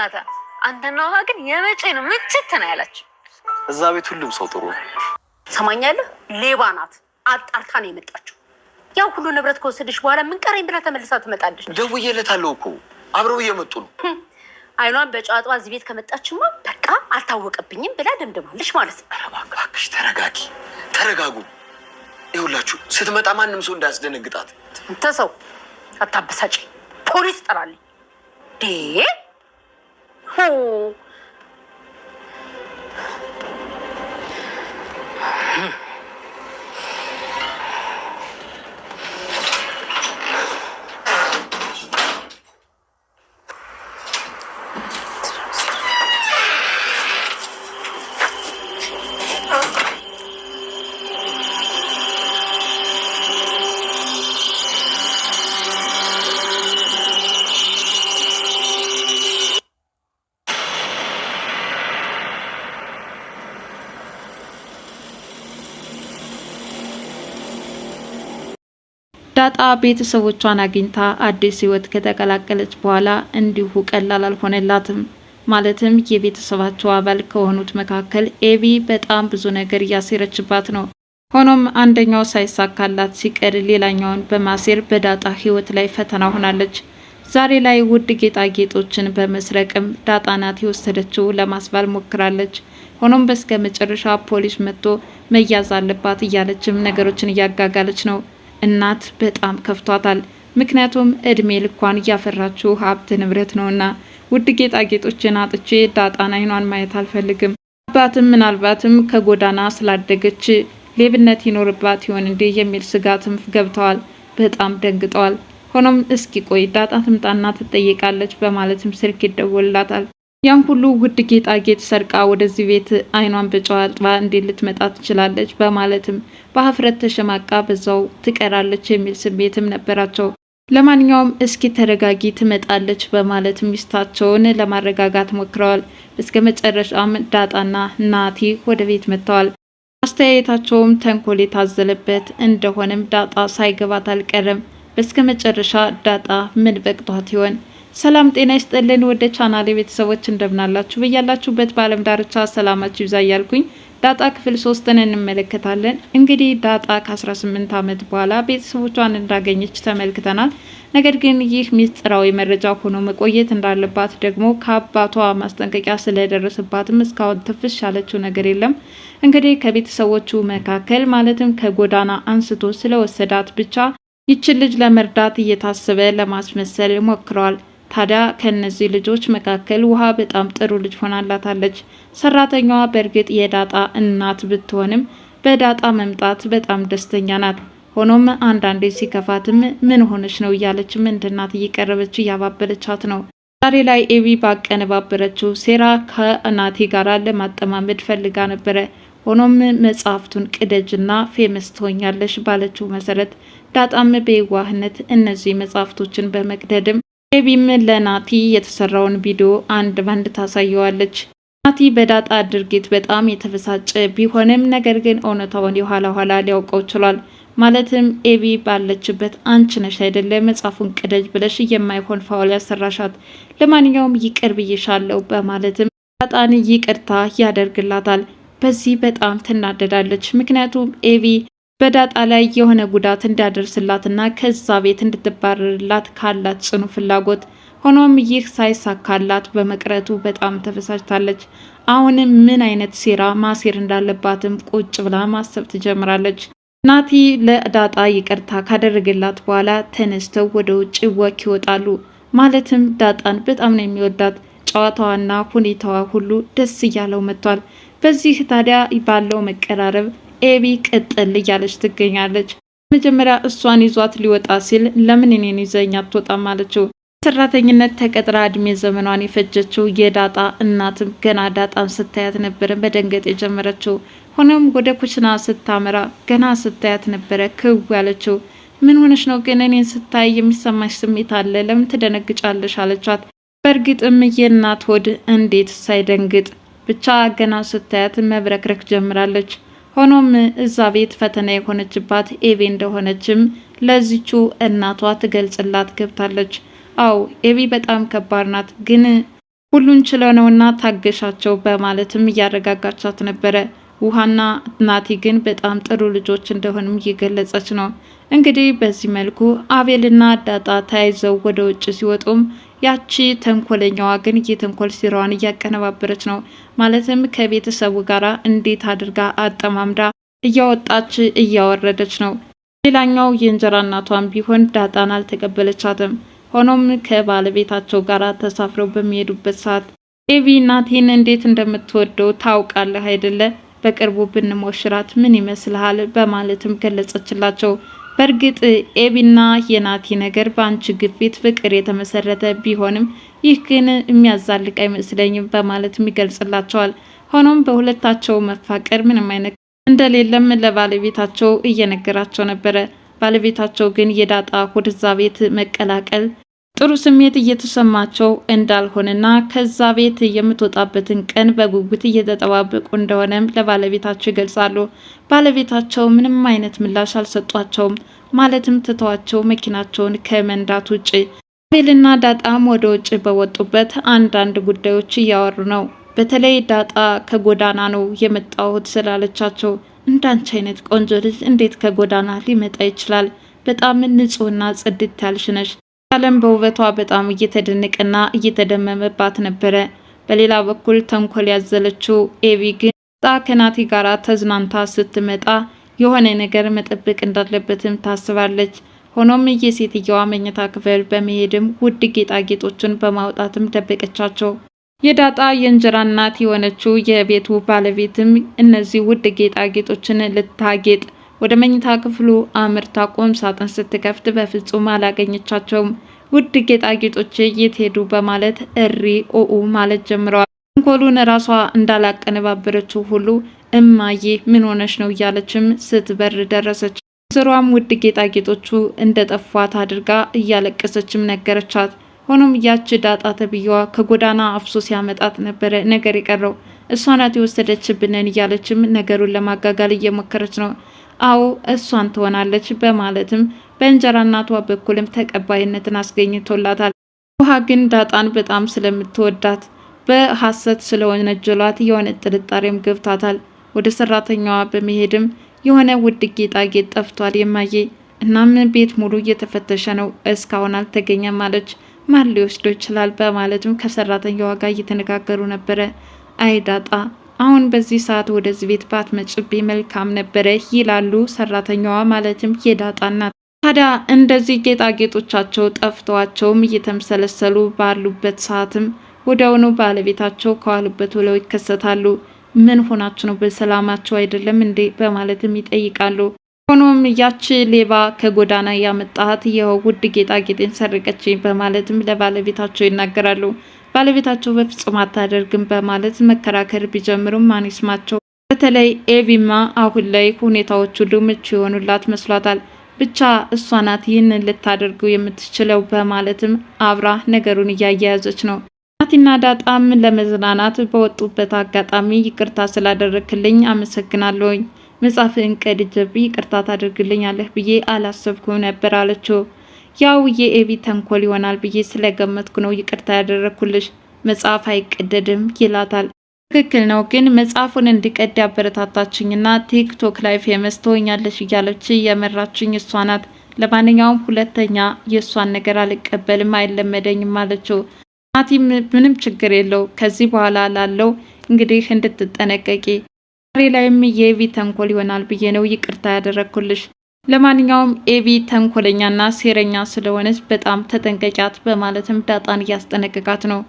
በእናታ አንተና ውሃ ግን የመጪ ነው ምችት ነው እዛ ቤት ሁሉም ሰው ጥሩ ነው። ሰማኛለህ፣ ሌባ ናት። አጣርታ ነው የመጣችው። ያው ሁሉ ንብረት ከወሰደች በኋላ ምን ቀረኝ ብላ ተመልሳ ትመጣለች። ደውዬላታለሁ እኮ አብረው እየመጡ ነው። አይኗን በጨዋጧ እዚህ ቤት ከመጣችማ በቃ አልታወቀብኝም ብላ ደምደማለች ማለት ነው። ኧረ እባክሽ ተረጋጊ፣ ተረጋጉ። ይኸውላችሁ ስትመጣ ማንም ሰው እንዳያስደነግጣት። አንተ ሰው አታበሳጭ፣ ፖሊስ ጠራልኝ ዴ Hey ዳጣ ቤተሰቦቿን አግኝታ አዲስ ህይወት ከተቀላቀለች በኋላ እንዲሁ ቀላል አልሆነላትም። ማለትም የቤተሰባቸው አባል ከሆኑት መካከል ኤቪ በጣም ብዙ ነገር እያሴረችባት ነው። ሆኖም አንደኛው ሳይሳካላት ሲቀር ሌላኛውን በማሴር በዳጣ ህይወት ላይ ፈተና ሆናለች። ዛሬ ላይ ውድ ጌጣጌጦችን በመስረቅም ዳጣ ናት የወሰደችው ለማስባል ሞክራለች። ሆኖም በስከ መጨረሻ ፖሊስ መጥቶ መያዝ አለባት እያለችም ነገሮችን እያጋጋለች ነው። እናት በጣም ከፍቷታል። ምክንያቱም እድሜ ልኳን እያፈራችው ሀብት ንብረት ነውና፣ ውድ ጌጣጌጦችን አጥቼ ዳጣን አይኗን ማየት አልፈልግም። አባትም ምናልባትም ከጎዳና ስላደገች ሌብነት ይኖርባት ይሆን እንዴ የሚል ስጋትም ገብተዋል። በጣም ደንግጠዋል። ሆኖም እስኪ ቆይ ዳጣ ትምጣና ትጠይቃለች በማለትም ስልክ ይደወልላታል። ያን ሁሉ ውድ ጌጣጌጥ ሰርቃ ወደዚህ ቤት አይኗን በጨዋጥባ አጥባ እንዴት ልትመጣ ትችላለች? በማለትም በሀፍረት ተሸማቃ በዛው ትቀራለች የሚል ስሜትም ነበራቸው። ለማንኛውም እስኪ ተረጋጊ ትመጣለች በማለት ሚስታቸውን ለማረጋጋት ሞክረዋል። እስከ መጨረሻም ዳጣና ናቲ ወደ ቤት መጥተዋል። አስተያየታቸውም ተንኮል የታዘለበት እንደሆነም ዳጣ ሳይገባት አልቀረም። በስከ መጨረሻ ዳጣ ምን በቅቷት ይሆን? ሰላም ጤና ይስጥልን ወደ ቻናሌ ቤተሰቦች እንደምናላችሁ በያላችሁበት በአለም ዳርቻ ሰላማችሁ ይብዛ እያልኩኝ ዳጣ ክፍል ሶስትን እንመለከታለን። እንግዲህ ዳጣ ከ18 ዓመት በኋላ ቤተሰቦቿን እንዳገኘች ተመልክተናል። ነገር ግን ይህ ሚስጥራዊ መረጃ ሆኖ መቆየት እንዳለባት ደግሞ ከአባቷ ማስጠንቀቂያ ስለደረሰባትም እስካሁን ትፍሽ ያለችው ነገር የለም። እንግዲህ ከቤተሰቦቹ መካከል ማለትም ከጎዳና አንስቶ ስለወሰዳት ብቻ ይችን ልጅ ለመርዳት እየታሰበ ለማስመሰል ሞክረዋል። ታዲያ ከእነዚህ ልጆች መካከል ውሃ በጣም ጥሩ ልጅ ሆናላታለች። ሰራተኛዋ በእርግጥ የዳጣ እናት ብትሆንም በዳጣ መምጣት በጣም ደስተኛ ናት። ሆኖም አንዳንዴ ሲከፋትም ምን ሆነች ነው እያለችም እንደ እናት እየቀረበች እያባበለቻት ነው። ዛሬ ላይ ኤቢ ባቀነባበረችው ሴራ ከእናቴ ጋር ለማጠማመድ ፈልጋ ነበረ። ሆኖም መጽሐፍቱን ቅደጅና ፌመስ ትሆኛለሽ ባለችው መሰረት ዳጣም በየዋህነት እነዚህ መጽሐፍቶችን በመቅደድም ቤቢም ለናቲ የተሰራውን ቪዲዮ አንድ ባንድ ታሳየዋለች። ናቲ በዳጣ ድርጊት በጣም የተበሳጨ ቢሆንም ነገር ግን እውነታውን የኋላ ኋላ ሊያውቀው ችሏል። ማለትም ኤቢ ባለችበት አንቺ ነሽ አይደለ መጽሐፉን ቅደጅ ብለሽ የማይሆን ፋውል ያሰራሻት፣ ለማንኛውም ይቅር ብዬሻለሁ በማለትም ዳጣን ይቅርታ ያደርግላታል። በዚህ በጣም ትናደዳለች። ምክንያቱም ኤቪ በዳጣ ላይ የሆነ ጉዳት እንዲያደርስላትና ከዛ ቤት እንድትባረርላት ካላት ጽኑ ፍላጎት ሆኖም ይህ ሳይሳካላት በመቅረቱ በጣም ተበሳጭታለች። አሁንም ምን አይነት ሴራ ማሴር እንዳለባትም ቁጭ ብላ ማሰብ ትጀምራለች። ናቲ ለዳጣ ይቅርታ ካደረገላት በኋላ ተነስተው ወደ ውጭ ወክ ይወጣሉ። ማለትም ዳጣን በጣም ነው የሚወዳት። ጨዋታዋና ሁኔታዋ ሁሉ ደስ እያለው መጥቷል። በዚህ ታዲያ ባለው መቀራረብ ኤቢ ቅጥል እያለች ትገኛለች። መጀመሪያ እሷን ይዟት ሊወጣ ሲል ለምን እኔን ይዘኝ አትወጣም አለችው። ሰራተኝነት ተቀጥራ እድሜ ዘመኗን የፈጀችው የዳጣ እናትም ገና ዳጣን ስታያት ነበረ በደንገጥ የጀመረችው። ሆኖም ወደ ኩሽና ስታመራ ገና ስታያት ነበረ ክው ያለችው። ምን ሆነች ነው ግን እኔን ስታይ የሚሰማሽ ስሜት አለ? ለምን ትደነግጫለሽ? አለቻት። በእርግጥም የእናት ሆድ እንዴት ሳይደንግጥ ብቻ ገና ስታያት መብረክረክ ጀምራለች። ሆኖም እዛ ቤት ፈተና የሆነችባት ኤቤ እንደሆነችም ለዚቹ እናቷ ትገልጽላት ገብታለች። አው ኤቤ በጣም ከባድ ናት፣ ግን ሁሉን ችለው ነውና ታገሻቸው በማለትም እያረጋጋቻት ነበረ። ውሃና ናቲ ግን በጣም ጥሩ ልጆች እንደሆንም እየገለጸች ነው። እንግዲህ በዚህ መልኩ አቤልና ዳጣ ተያይዘው ወደ ውጭ ሲወጡም ያቺ ተንኮለኛዋ ግን የተንኮል ሴራዋን እያቀነባበረች ነው። ማለትም ከቤተሰቡ ጋር እንዴት አድርጋ አጠማምዳ እያወጣች እያወረደች ነው። ሌላኛው የእንጀራ እናቷን ቢሆን ዳጣን አልተቀበለቻትም። ሆኖም ከባለቤታቸው ጋር ተሳፍረው በሚሄዱበት ሰዓት ኤቪ እናቴን እንዴት እንደምትወደው ታውቃለህ አይደለ? በቅርቡ ብንሞሽራት ምን ይመስልሃል? በማለትም ገለጸችላቸው። በእርግጥ ኤቢና የናቲ ነገር በአንቺ ግፊት ፍቅር የተመሰረተ ቢሆንም ይህ ግን የሚያዛልቅ አይመስለኝም በማለትም ይገልጽላቸዋል። ሆኖም በሁለታቸው መፋቀር ምንም አይነት እንደሌለም ለባለቤታቸው እየነገራቸው ነበረ። ባለቤታቸው ግን የዳጣ ወደዛ ቤት መቀላቀል ጥሩ ስሜት እየተሰማቸው እንዳልሆነና ከዛ ቤት የምትወጣበትን ቀን በጉጉት እየተጠባበቁ እንደሆነም ለባለቤታቸው ይገልጻሉ። ባለቤታቸው ምንም አይነት ምላሽ አልሰጧቸውም። ማለትም ትተዋቸው መኪናቸውን ከመንዳት ውጭ። አቤልና ዳጣም ወደ ውጭ በወጡበት አንዳንድ ጉዳዮች እያወሩ ነው። በተለይ ዳጣ ከጎዳና ነው የመጣሁት ስላለቻቸው እንዳንቺ አይነት ቆንጆ ልጅ እንዴት ከጎዳና ሊመጣ ይችላል? በጣም ንጹህና ጽድት ያልሽ ነሽ አለም በውበቷ በጣም እየተደነቀና እየተደመመባት ነበረ። በሌላ በኩል ተንኮል ያዘለችው ኤቪ ግን ጣ ከናቲ ጋራ ተዝናንታ ስትመጣ የሆነ ነገር መጠበቅ እንዳለበትም ታስባለች። ሆኖም የሴትየዋ መኝታ ክፍል በመሄድም ውድ ጌጣጌጦችን በማውጣትም ደበቀቻቸው። የዳጣ የእንጀራ እናት የሆነችው የቤቱ ባለቤትም እነዚህ ውድ ጌጣጌጦችን ልታጌጥ ወደ መኝታ ክፍሉ አምርታ ቁም ሳጥን ስትከፍት በፍጹም አላገኘቻቸውም። ውድ ጌጣጌጦች የት ሄዱ በማለት እሪ ኦኡ ማለት ጀምረዋል። ተንኮሉን ራሷ እንዳላቀነባበረችው ሁሉ እማዬ ምን ሆነች ነው እያለችም ስትበር ደረሰች። ስሯም ውድ ጌጣጌጦቹ እንደ ጠፏት አድርጋ እያለቀሰችም ነገረቻት። ሆኖም ያች ዳጣ ተብዬዋ ከጎዳና አፍሶ ሲያመጣት ነበረ ነገር የቀረው እሷ ናት የወሰደችብንን እያለችም ነገሩን ለማጋጋል እየሞከረች ነው። አዎ እሷን ትሆናለች በማለትም በእንጀራ እናቷ በኩልም ተቀባይነትን አስገኝቶላታል። ውሃ ግን ዳጣን በጣም ስለምትወዳት በሐሰት ስለወነጀሏት የሆነ ጥርጣሬም ገብታታል። ወደ ሰራተኛዋ በመሄድም የሆነ ውድ ጌጣጌጥ ጠፍቷል የማየ እናም ቤት ሙሉ እየተፈተሸ ነው እስካሁን አልተገኘም አለች። ማን ሊወስዶ ይችላል በማለትም ከሰራተኛዋ ጋር እየተነጋገሩ ነበረ። አይ ዳጣ አሁን በዚህ ሰዓት ወደዚህ ቤት ባትመጭቤ መልካም ነበረ ይላሉ ሰራተኛዋ ማለትም የዳጣ እናት። ታዲያ እንደዚህ ጌጣጌጦቻቸው ጠፍተዋቸውም እየተምሰለሰሉ ባሉበት ሰዓትም ወዲያውኑ ባለቤታቸው ከዋሉበት ውለው ይከሰታሉ። ምን ሆናችሁ ነው? በሰላማቸው አይደለም እንዴ? በማለትም ይጠይቃሉ። ሆኖም ያቺ ሌባ ከጎዳና ያመጣት ይኸው ውድ ጌጣጌጤን ሰረቀች በማለትም ለባለቤታቸው ይናገራሉ። ባለቤታቸው በፍጹም አታደርግም በማለት መከራከር ቢጀምሩም ማን በተለይ ኤቪማ አሁን ላይ ሁኔታዎች ሁሉ ምቹ የሆኑላት መስሏታል። ብቻ እሷ ናት ይህንን ልታደርጉ የምትችለው በማለትም አብራ ነገሩን እያያያዘች ነው። ናቲና ዳጣም ለመዝናናት በወጡበት አጋጣሚ ይቅርታ ስላደረክልኝ አመሰግናለሁኝ፣ መጽሐፍን ቀድጄብህ ይቅርታ ታደርግልኛለህ ብዬ አላሰብኩም ነበር አለችው። ያው የኤቢ ተንኮል ይሆናል ብዬ ስለገመትኩ ነው ይቅርታ ያደረግኩልሽ፣ መጽሐፍ አይቀደድም ይላታል። ትክክል ነው፣ ግን መጽሐፉን እንድቀድ ያበረታታችኝና ቲክቶክ ላይ ፌመስ ትሆኛለሽ እያለች የመራችኝ እሷ ናት። ለማንኛውም ሁለተኛ የእሷን ነገር አልቀበልም፣ አይለመደኝም አለችው። ናቲ ምንም ችግር የለው፣ ከዚህ በኋላ ላለው እንግዲህ እንድትጠነቀቂ ዛሬ ላይም የኤቢ ተንኮል ይሆናል ብዬ ነው ይቅርታ ያደረግኩልሽ ለማንኛውም ኤቢ ተንኮለኛና ሴረኛ ስለሆነች በጣም ተጠንቀቂያት በማለትም ዳጣን እያስጠነቀቃት ነው።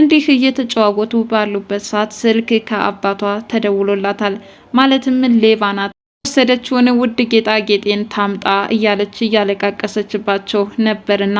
እንዲህ እየተጨዋወቱ ባሉበት ሰዓት ስልክ ከአባቷ ተደውሎላታል። ማለትም ሌባ ናት የወሰደችውን ውድ ጌጣጌጤን ታምጣ እያለች እያለቃቀሰችባቸው ነበርና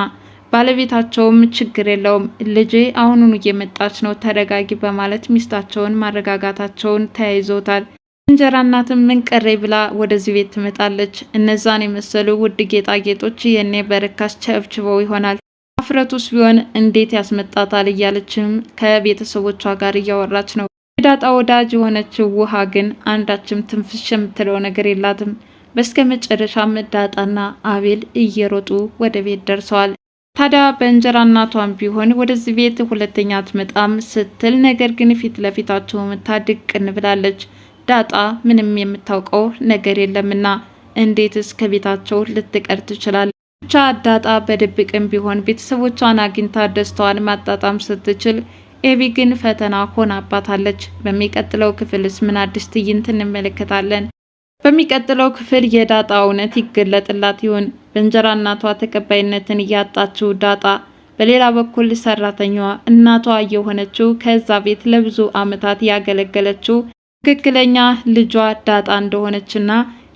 ባለቤታቸውም ችግር የለውም ልጄ አሁኑን እየመጣች ነው ተረጋጊ በማለት ሚስታቸውን ማረጋጋታቸውን ተያይዘውታል። እንጀራ እናትም ምን ቀረኝ ብላ ወደዚህ ቤት ትመጣለች። እነዛን የመሰሉ ውድ ጌጣጌጦች የኔ በርካሽ ቸብችበው ይሆናል አፍረቱስ ቢሆን እንዴት ያስመጣታል እያለችም ከቤተሰቦቿ ጋር እያወራች ነው። የዳጣ ወዳጅ የሆነችው ውሃ ግን አንዳችም ትንፍሽ የምትለው ነገር የላትም። በስከ መጨረሻም ዳጣና አቤል እየሮጡ ወደ ቤት ደርሰዋል። ታዲያ በእንጀራ እናቷን ቢሆን ወደዚህ ቤት ሁለተኛ አትመጣም ስትል ነገር ግን ፊት ለፊታቸው መታ ድቅን ብላለች። ዳጣ ምንም የምታውቀው ነገር የለምና እንዴትስ ከቤታቸው ልትቀር ትችላለች? ብቻ ዳጣ በድብቅም ቢሆን ቤተሰቦቿን አግኝታ ደስታዋን ማጣጣም ስትችል ኤቢ ግን ፈተና ሆናባታለች። በሚቀጥለው ክፍልስ ምን አዲስ ትዕይንት እንመለከታለን? በሚቀጥለው ክፍል የዳጣ እውነት ይገለጥላት ይሆን? በእንጀራ እናቷ ተቀባይነትን እያጣችው ዳጣ፣ በሌላ በኩል ሰራተኛዋ እናቷ የሆነችው ከዛ ቤት ለብዙ ዓመታት ያገለገለችው ትክክለኛ ልጇ ዳጣ እንደሆነችና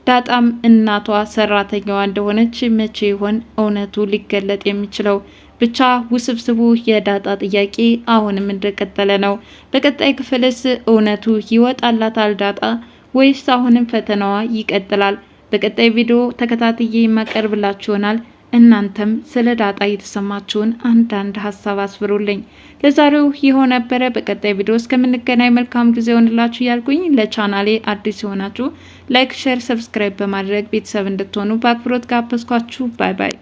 ዳጣም እናቷ ሰራተኛዋ እንደሆነች መቼ ይሆን እውነቱ ሊገለጥ የሚችለው? ብቻ ውስብስቡ የዳጣ ጥያቄ አሁንም እንደቀጠለ ነው። በቀጣይ ክፍልስ እውነቱ ይወጣላታል ዳጣ ወይስ አሁንም ፈተናዋ ይቀጥላል? በቀጣይ ቪዲዮ ተከታትዬ የማቀርብላችሁ ይሆናል። እናንተም ስለ ዳጣ የተሰማችሁን አንዳንድ ሀሳብ አስፍሩልኝ። ለዛሬው ይኸው ነበረ። በቀጣይ ቪዲዮ እስከምንገናኝ መልካም ጊዜ ሆንላችሁ እያልኩኝ ለቻናሌ አዲስ የሆናችሁ ላይክ፣ ሼር፣ ሰብስክራይብ በማድረግ ቤተሰብ እንድትሆኑ በአክብሮት ጋበዝኳችሁ። ባይ ባይ።